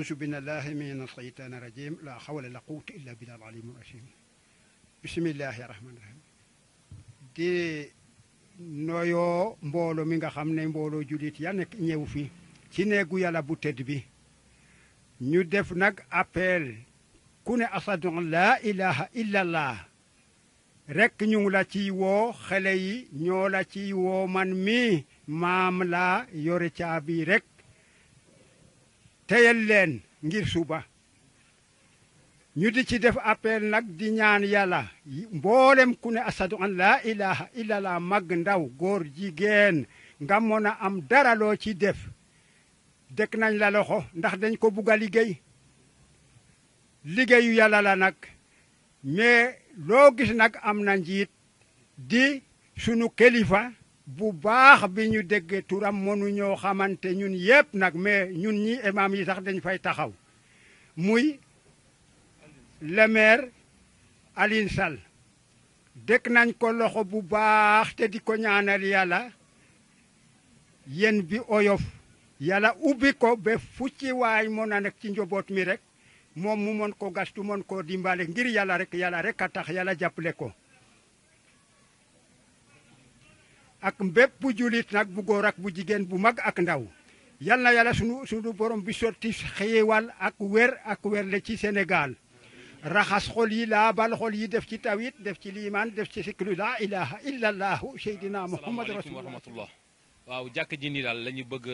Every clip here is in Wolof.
أعوذ بالله من الشيطان di noyoo mbooloo mi nga xam ne mbooloo jullit ya nekk ñëw fi ci néegu yàlla bu tedd bi ñu def nag appel ku ne asadu laa ilaha illallah rek ñu ngi la ciy woo xale yi ñoo la ciy woo man mi maam laa yore caabi rek teyal leen ngir suba ñu di ci def appel nag di ñaan yàlla mboolem ku ne asadu an laa ilaha illallah mag ndaw góor jigéen nga mën a am dara loo ci def dëkk nañ laloxo ndax dañ ko bugg a liggéey liggéeyu yàlla la nag mais loo gis nag am na njiit di sunu kilifa bu baax bi ñu déggee turam mënuñoo xamante ñun yépp nag mais ñun ñii imam yi sax dañ fay taxaw muy le maire Alioune nañ ko loxo bu baax te di ko ñaanal yàlla yéen bi oyof yàlla ubbi ko ba fu ci waay mën a nekk ci njoboot mi rek moom mu mën ko gastu mën koo dimbale ngir yàlla rek yàlla rek a tax yàlla jàppale ko ak mbépp julit nag bu góor ak bu jigéen bu mag ak ndaw yal na yàlla sunu sunu borom bi sotti xeyewal ak wér ak wérle ci Sénégal raxas xol yi laabal xol yi def ci tawit def ci liman def ci siklu la ilaha illa illallahu seydina muhammad rasulullah waaw jàkk ji nii daal la ñu bëgg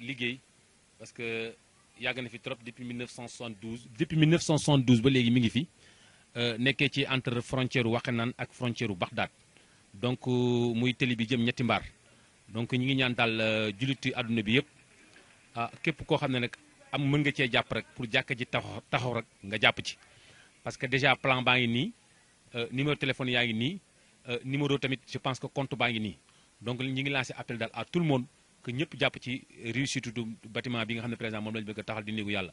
liggéey parce que yàgg na fi trop depuis 1972 depuis 1972 ba léegi mi ngi fi euh, nekkee ci entre frontière u Waxenaan ak frontière u Baxdaad donc euh, muy tëli bi jëm ñetti mbaar donc ñi ngi ñaan daal euh, julliti àdduna bi yëpp ah képp koo xam ne nag am mën nga cee jàpp rek pour jàkka ji taxaw taxaw rek nga jàpp ci. parce que déjà plan baa ngi nii euh, numéro téléphone yaa ngi nii numéro tamit je pense que compte baa ngi nii donc ñi ngi lancé appel daal à tout le monde que ñëpp jàpp ci réussite du bâtiment bi nga xam ne président moom lañu bëgg a taxal di néegu yàlla.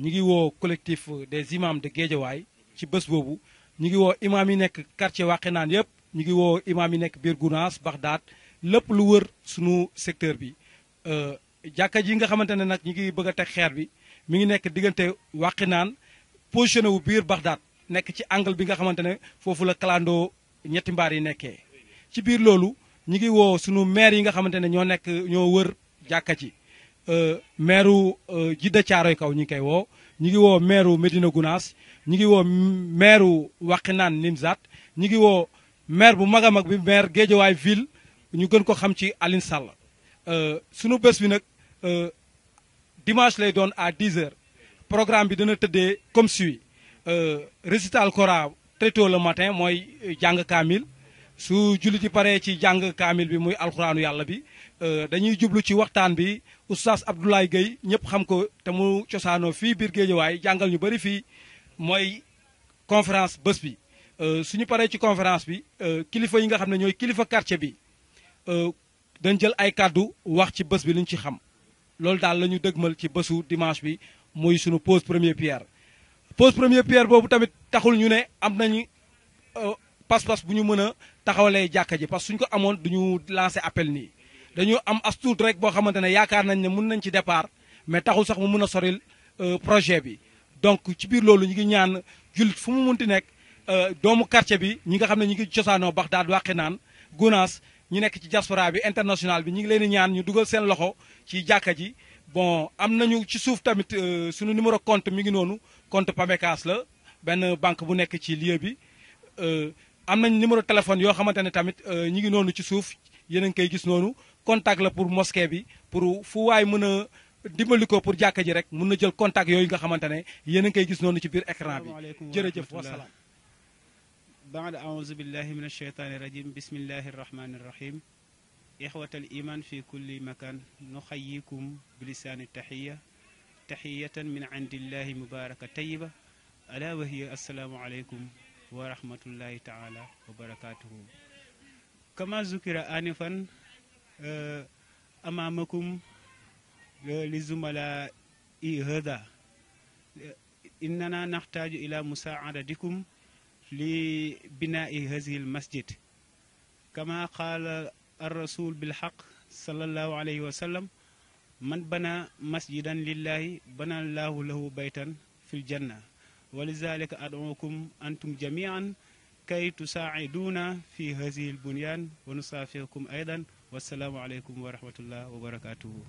ñu ngi woo collectif des imams de Guédiawaay ci bés boobu ñu ngi woo imam yi nekk quartier Waxenaan yëpp ñu ngi woo imam yi nekk biir Gounass Baxdaat lépp lu wër sunu secteur bi euh, jàkka ji nga xamante ne nag ñu ngi bëgg a teg xeer bi mi ngi nekk diggante Waxinaan positionné wu biir Baxdaat nekk ci angle bi nga xamante ne foofu la kalandoo ñetti mbaar yi nekkee ci biir loolu ñu ngi woo sunu maire yi nga xamante ne ñoo nekk ñoo wër jàkka ji Euh, maire euh, Jidda Caaroy kaw ñi ngi koy woo ñi ngi woo maire Medina Gounass ñi ngi woo maire Waxinaan Nimzat ñi ngi woo maire bu mag a mag bi maire Géejawaay ville ñu gën ko xam ci Alioune Sall euh, sunu bés bi nag dimanche lay doon à 10 heures programme bi dana tëddee comme suit récital Coran très tôt matin mooy jàng kaamil su jullit yi paree ci jàng kaamil bi muy alxuraanu yàlla bi euh, dañuy jublu ci waxtaan bi oustaz Abdoulaye Gueye ñëpp xam ko te mu cosaanoo fii biir Géejawaay jàngal ñu bëri fii mooy conférence bés bi. Euh, suñu paree ci conférence bi euh, kilifa yi nga xam ne ñooy kilifa quartier bi dañ jël ay kàddu wax ci bés bi liñ ci xam loolu daal la ñu dëgmal ci bésu dimanche bi muy sunu pose premier pierre. pose première pierre boobu tamit taxul ñu ne am nañu. pas-pas bu ñu mën a taxawalee jàkka ji parce que suñ ko amoon duñu lancer appel nii dañu am as tuut rek boo xamante ne yaakaar nañ ne mun nañ ci départ mais taxul sax mu mun a soril euh, projet bi donc ci biir loolu ñu ngi ñaan jullit fu mu munti nekk euh, doomu quartier bi ñi nga xam ne ñu ngi cosaanoo daal wàqi naan Gunaas ñu nekk ci diaspora bi international bi ñu ngi leen di ñaan ñu dugal seen loxo ci jàkka ji bon am nañu ci suuf tamit euh, suñu numéro compte mi ngi noonu compte Pamecas la benn banque bu nekk ci lieu bi amna numéro téléphone yo xamante tamit ñi ngi nonu ci souf yéen ngay gis nonu contact la pour mosquée bi pour fu way mëna dimbaliko pour jàkka ji rek mëna jël contact yoy nga xamante ne yéen a gis nonu ci bir écran bi jërëjëf wasalaam بعد أعوذ بالله من الشيطان الرجيم بسم الله الرحمن الرحيم إخوة الإيمان في كل مكان نحييكم بلسان التحية تحية من عند الله مباركة طيبة ألا وهي السلام عليكم ورحمة الله تعالى وبركاته كما ذكر آنفا أمامكم لزملاء هذا إننا نحتاج إلى مساعدتكم لبناء هذه المسجد كما قال الرسول بالحق صلى الله عليه وسلم من بنى مسجدا لله بنى الله له بيتا في الجنه ولذلك أدعوكم أنتم جميعا كي تساعدونا في هذه البنيان ونسافركم أيضا والسلام عليكم ورحمة الله وبركاته